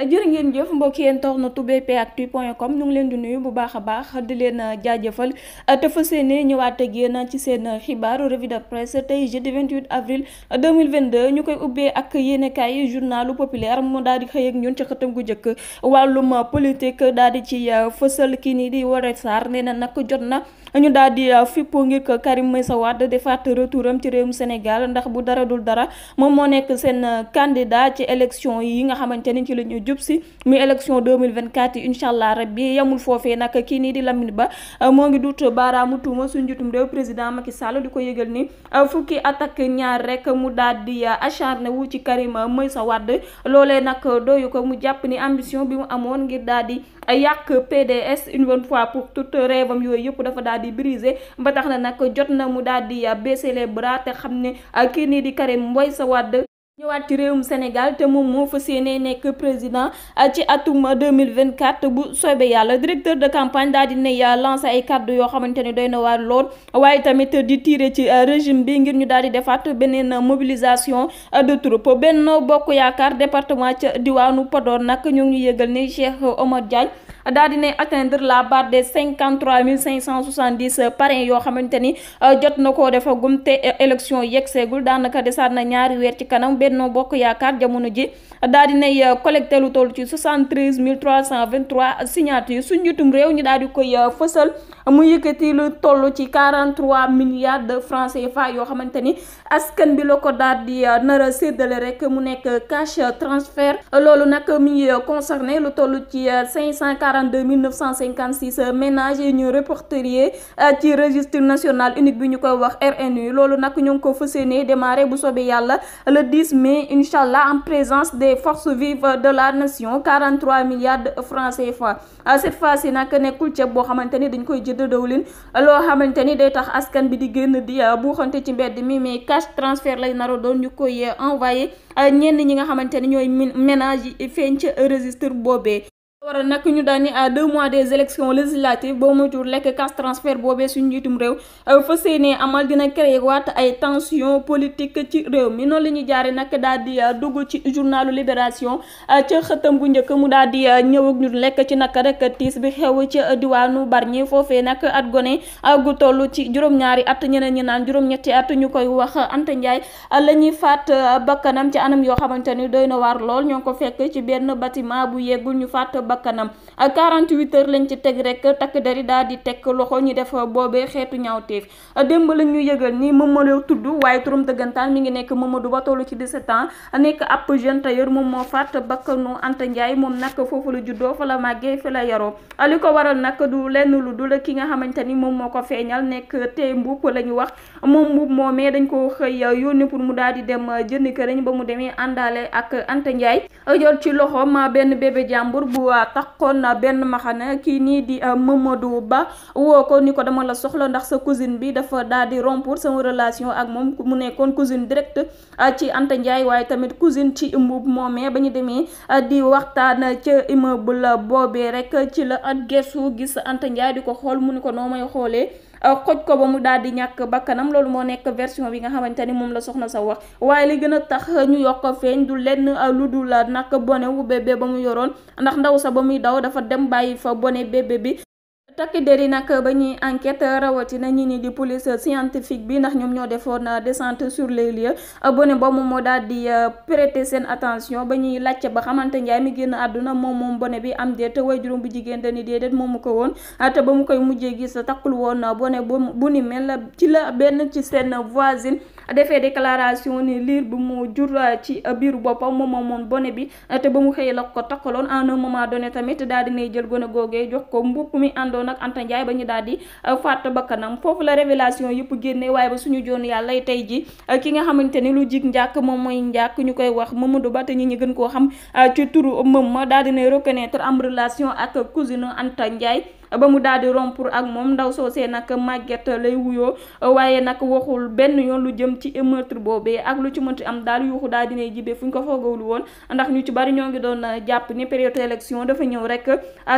jërë ngeen jëf mbokk yi internet comme ñu ngi leen di nuyu bu baax a baax di leen euh, jaajëfal euh, te fas yéene ñëwaat ak yéen ci seen euh, xibaar revue de presse tey jeudi 28 avril 2022 ñu koy ubbee ak yéenekaay journalu populaire mu daal di xëy ak ñun ci xëtam gu njëkk wàllum politique daal di ci fësal kii nii di Woré saar nee na nag jot na ñu daal di fippoo ngir ko Karim sa Wade defaat retouram ci réew Sénégal ndax bu dara dul dara moom moo nekk seen candidat ci élection yi nga xamante ni ci di jub si muy élection 2024 yi incha allah rabbi yamul foofee nag kii nii di Lamine Ba euh, moo ngi duut baaraamu tuuma suñu njiitum réew président Macky Sall di ko yëgal ni euh, fukki attaque ñaar rek mu daal di euh, acharné wu ci Karim sa wadd loole nag doyu ko mu jàpp ni ambition bi mu amoon ngir daal di yàq PDS une bonne fois pour toutes rêvam yooyu yëpp dafa daal di brisé ba tax na nag jot na mu daal di baisser les bras te xam ne kii nii di Karim sa wadd ñëwaat ci réewum Sénégal te moom moo fa yéene nekk président euh, ci atum 2024 bu soobee yàlla directeur de campagne daal di nay euh, lancé ay kàddu yoo xamante ne doy na waar lool waaye tamit di tiire ci euh, régime bi ngir ñu daal di defaat beneen mobilisation de troupe benn Bokk Yaakaar département ca diwaanu Podor nag ñoo ngi yëgal ne Cheikh Omar Diagne daal di ne la barre des cinquante mille cinq cent soixante dix parrains yoo xamante ni euh, jot na koo defagum te euh, élection yegg seegul daanaka desaat na ñaari weer ci kanam Benno Bokk Yaakaar jamono ji daal di nay euh, collecté lu toll ci soixante treize mille trois cent vingt trois signatures su njiitum réew ñu daal di koy fësal. mu yëkkati lu toll ci 43 milliards de francs CFA yoo xamante ni askan bi la ko daal di euh, nar a séddale rek mu nekk cash transfert loolu nag mi ngi euh, concerné lu toll ci 542 euh, 956 ménages yi ñu répertorié ci registre national unique bi ñu koy wax RNU loolu nag ñu ngi ko fas yéene démarré bu soobee yàlla le 10 mai incha allah en présence des forces vives de la nation 43 milliards de francs CFA cette fois ci nag nekkul ceeb boo xamante ni dañ koy jël jënd dawlin loo xamante ni day tax askan bi di génn di uh, buuxante ci mbedd mi mais cash transfert lay naro doon ñu koy uh, envoyé uh, ñenn ñi nga xamante ñooy ménage yi feeñ ca registre boobee waral nag ñu daal ni à deux mois des élections législatives boo moytuwul lekk cash transfert boobee suñu njiitum réew euh, fa seenee amal dina créé waat ay tension politique ci réew mi noonu la ñuy jaare nag daal di euh, dugg ci journalu libération euh, ca xëtam bu njëkk mu daal di ñëw ak ñu lekk ci naka rek tiis bi xew ci diwaanu bar ñi foofee nag at gone gu toll ci juróom-ñaari at ñeneen ñi naan juróom-ñetti at ñu koy wax Anta Ndiaye a ñuy faat bakkanam ci anam yoo xamante ni doy na lool ñoo ngi ko fekk ci bakkanam 48 heures lañ ci teg rek takk dari daal di teg loxo ñu def boobee xeetu ñaawteef démb la yëgal ni Mamadou tudd waaye turam dëggantaan mi ngi nekk Mamadou ba tollu ci 17 ans nekk ab jeune tailleur moom moo faat bakkanu Anta Ndiaye moom nag foofu la juddoo fa la màggee fi la yaroo li ko waral nag du lenn lu dul ki nga xamante ni moom moo ko feeñal nekk tey mbuub la ñu wax moom mbuub moomee dañ ko xëy yónni pour mu daal di dem jënd këriñ ba mu demee àndaale ak Anta Ndiaye na benn maxana kii nii di euh, Mamadou Ba woo ko ni ko dama la soxla ndax sa cousine bi dafa daal di rompre sama relation ak moom mu nekkoon cousine direct euh, ci Anta Ndiaye waaye tamit cousine ci Mbuub moomee ba ñu demee euh, di waxtaan ca immeuble boobee rek ci la at gesu gis Anta di ko xool mu ni ko noo may xoolee xoj ko ba mu daal di ñàkk bakkanam loolu moo nekk version bi nga xamante ni moom la soxna sa wax waaye li gën a tax ñu yokk feeñ du lenn lu dul nag bone wu bébé ba mu yoroon ndax ndaw sa ba muy daw dafa dem bàyyi fa bone bébé bi takk der yi nag ba ñuy enquête rawatina ñi ni di police scientifique bi ndax ñoom ñoo defoon naa descente sur les lieux bone ba moom moo daal di euh, prêter seen attention ba ñuy laajte ba xamante njaay mi génn àdduna moom moom bone bi am déet way juróom bu jigéen dañuy déedéet moomu ko woon te ba mu koy mujjee gis takkul woon bone bu ni mel ci la benn ci seen voisine defee déclaration ni liir bi mu jur euh, ci euh, biiru boppam moom moomoon bone bi euh, te ba mu xëyee la ko takkaloon en un moment donné tamit daal dinay jël gone googee jox ko mbubb mi àndoon ak Anta ba ñu daal di fàtt bakkanam foofu la révélation yëpp génne waaye ba suñu joon yàlla tey ji ki nga xamante ni lu jig njàkk moom mooy njàkk ñu koy wax Mamadou Ba te ñi ñu gën koo xam ci turu mëm ma daal dinay reconnaître am relation ak cousine Anta Ndiaye ba mu daal di rompre ak moom ndaw soosee nag màgget lay wuyoo waaye nag waxul benn yoon lu jëm ci meurtre boobee ak lu ci mënti am daal yuuxu daal nay jibee fu ñu ko foogawul woon ndax ñu ci bari ñoo ngi doon jàpp ni période élection dafa ñëw rek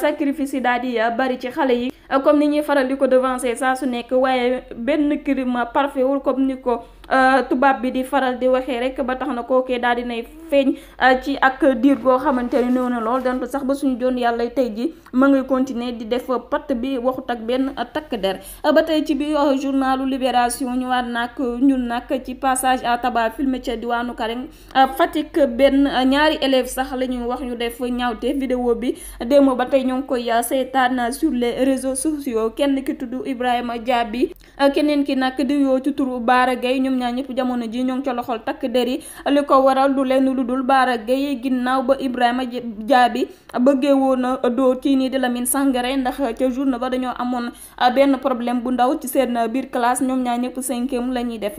sacrifice yi daal di bari ci xale yi Euh, comme ni ñuy faral di ko devancer saa su nekk waaye benn crime parfait wul comme ni ko euh, tubaab bi di faral di waxee rek ba tax na kookee daal dinay feeñ euh, ci ak diir goo xamante ne néew lool donc sax ba suñu joon yàlla tey ji ma ngay continuer di def patt bi waxut ak benn takk der ba tey ci bi journalu Libération ñëwaat nag ñun nag ci passage à tabac filmé ca diwaanu Karim Fatick benn ñaari élève sax la wax ñu def ñaawte vidéo bi démb ba tey ñoo ngi koy seetaan les réseaux sociaux kenn ki tudd Ibrahima Diaby keneen ki nag di yoo ci turu Bara Gaye ñoom ñaar ñëpp jamono ji ñoo ngi ca loxol takk der yi li ko waral du leen lu dul Bara Gaye ginnaaw ba Ibrahima Diaby bëggee woon a dóor kii nii di Lamine Sangaré ndax ca journée ba dañoo amoon benn problème bu ndaw ci seen biir classe ñoom ñaar ñëpp cinquième la ñuy def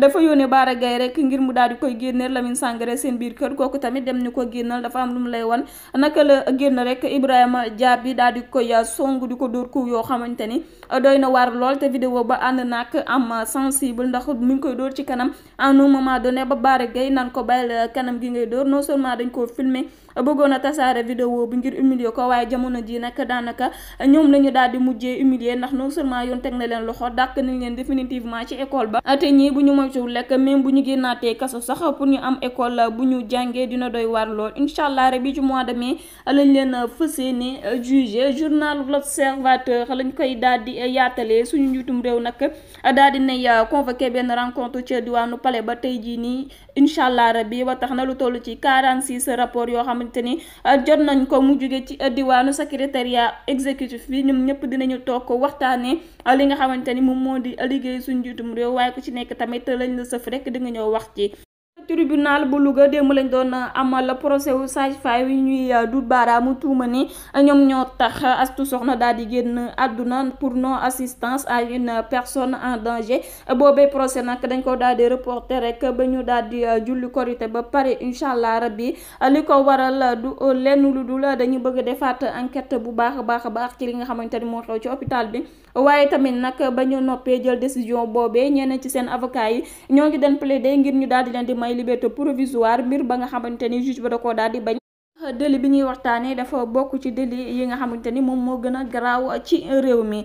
dafa yónnee Bara Gaye rek ngir mu daal di koy génneel Lamine Sangaré seen biir kër kooku tamit dem ni ko génnal dafa am lu lay wan naka la génn rek Ibrahima Diaby daal di koy song di ko dóor ko yoo xamante ni Euh, doy na waar lool te vidéo ba ànd nag am sensible ndax mi ngi koy door ci kanam en un moment donné ba Bara gay nan ko bàyyil euh, kanam gi ngay dóor non seulement dañ koo filmer euh, bëggoon a tasaare vidéo bi ngir humilier ko waaye jamono ji nag daanaka ñoom la ñu daal di mujjee humilier ndax non seulement yoon teg na leen loxo dàq nañ leen définitivement ci école ba te ñii bu ñu moytuwul lekk même bu ñu génnaatee kaso sax pour ñu am école bu ñu jàngee dina doy waar lool incha allah rek ci mois de mai lañ leen fësee ne jugé journal l'observateur lañ koy daal di yaatalee suñu njiitum réew nag daal di nay euh, convoqué benn rencontre ca diwaanu pale ba tey jii nii incha allah rabi ba tax na lu toll ci sa rapport yoo xamante ni euh, jot nañ ko mu jóge ci euh, diwaanu secrétariat exécutif bi ñoom ñëpp dinañu toog ko waxtaanee li nga xamante ni moom moo di liggéey suñu njiitum réew waaye ku ci nekk tamit lañ la sëf rekk dinga ñëw wax ci. tribunal bu Louga démb lañ doon amal procès wu sage-femme yi ñuy euh, du baaraamu tuuma ni ñoom ñoo tax astu soxna daal di génn àdduna pour no assistance à une personne en danger boobee procès nag dañ ko daal di reporter rek ba ñu daal di euh, julli korité ba pare incha allah rabbi li ko waral du lenn lu dul dañu bëgg defaat enquête bu baax a baax a baax ci li nga xamante ni moo xew ci hôpital bi. waaye tamit nag ba ñu noppee jël décision boobee ñeneen ci seen avocat yi ñoo ngi den plaider ngir ñu daal di leen di may liberté provisoire mbir ba nga xamante ni juge ba da koo daal di bañ. délit bi ñuy waxtaanee dafa bokk ci délit yi nga xamante ni moom moo gën a garaaw ci réew mi.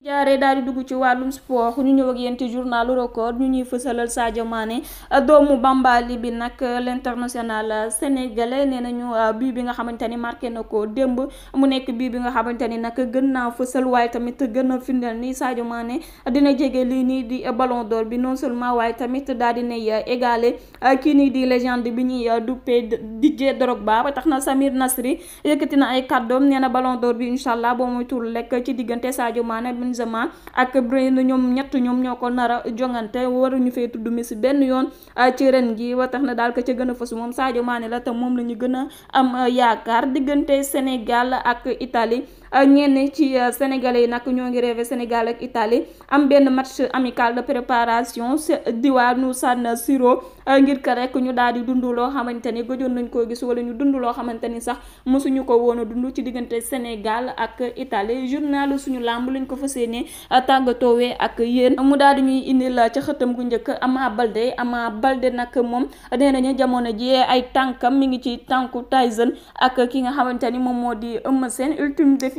jaaree daal di dugg ci wàllum sport ñu ñëw ak yéen ci journalu record ñu ñuy fësalal Sadio Mané doomu Bambali bi nag l' international sénégalais nee nañu bii bi nga xamante ni marqué na ko démb mu nekk bii bi nga xamante ni nag gën naa fësal waaye tamit gën a firndeel ni Sadio Mané dina jege lii nii di ballon d'or bi non seulement waaye tamit daal di nay égalé ah, kii nii di légende bi ñuy duppee Didier dorog ba tax na Samir Nasri yëkkati na ay kàddoom nee na ballon d'or bi incha allah boo muy tur lekk ci diggante Sadio Mané. Karim Benzema ak Bruyne ñoom ñett ñoom ñoo ko nara a jongante waruñu fee tudd Messi benn yoon ah, ci ren gi wa tax na daal ko ca gën a fës moom Sadio Mané la te moom la ñu gën a am ah, yaakaar diggante Sénégal ak itali Euh, ñenn ci euh, sénégalais yi nag ñoo ngi rêvé Sénégal ak Italie am benn match amical de préparation diwaanu San Siro euh, ngir ka rek ñu daal di dund loo xamante ni gëjoon nañ ko gis walla ñu dund loo xamante ni sax mosuñu ko woon a dund ci diggante Sénégal ak Italie journal suñu làmb lañ ko fas yéene tàggatoowee ak yéen mu daal di indi la ci xëtam gu njëkk Ama Baldé Ama Baldé nag moom nee nañu jamono ji ay tànkam mu ngi ci tànku Tyson ak ki nga xamante ni moom moo di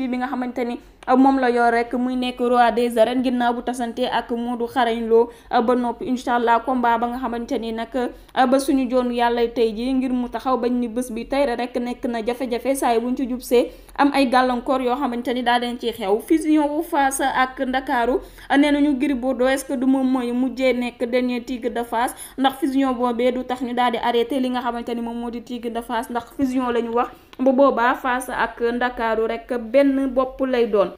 défi bi nga xamante euh, moom la yor rek muy nekk roi des arènes ginnaaw bu tasante ak Modou Xarañ Lo euh, ba nopp incha allah combat ba nga xamante ni nag euh, ba suñu joonu yàlla tey ji ngir mu taxaw ba ni bés bi tey rek nekk na jafe-jafe saa yi buñ ci jubsee am ay gàllankoor yoo xamante ni daa den ci xew fusion wu Fass ak Ndakaaru nee nañu Gris Bordeaux est-ce que du moom mooy mujjee nekk dernier Tigre de Fass ndax fusion boobee du tax ñu daal di arrêté li nga xamante ni moom moo di Tigre de Fass ndax fusion la ñu bu boobaa Fass ak Ndakaaru rek benn bopp lay doon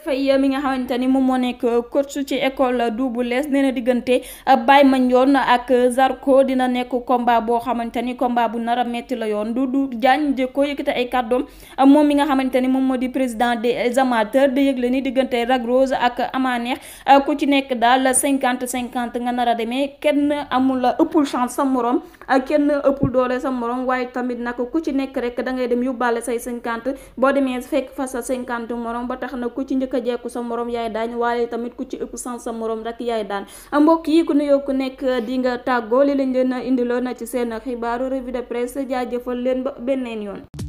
Faye mi nga xamante ni moom moo nekk coach ci école Double Less nee na diggante Baye Mandione ak Zarko dina nekk combat boo xamante ni combat bu nara a metti la yoon du du jaañ de ko yëkkate ay kàddoom moom mi nga xamante ni moom moo di président des amateurs di yëgle ni diggante ragrose Rose ak Amaneex ku ci nekk daal cinquante cinquante nga nar a demee kenn amul ëppul chance sa morom kenn ëppul doole sa morom waaye tamit nag ku ci nekk rek da ngay dem yóbbaale say boo demee njëkk a jekku sa moroom yaay daan waaye tamit ku ci ëpp san sa moroom rek yaay daan mbokk yi ku nuyoo ku nekk di nga tàggoo li lañ leen indiloon ci seen xibaaru revue de presse jaajëfal leen ba benneen yoon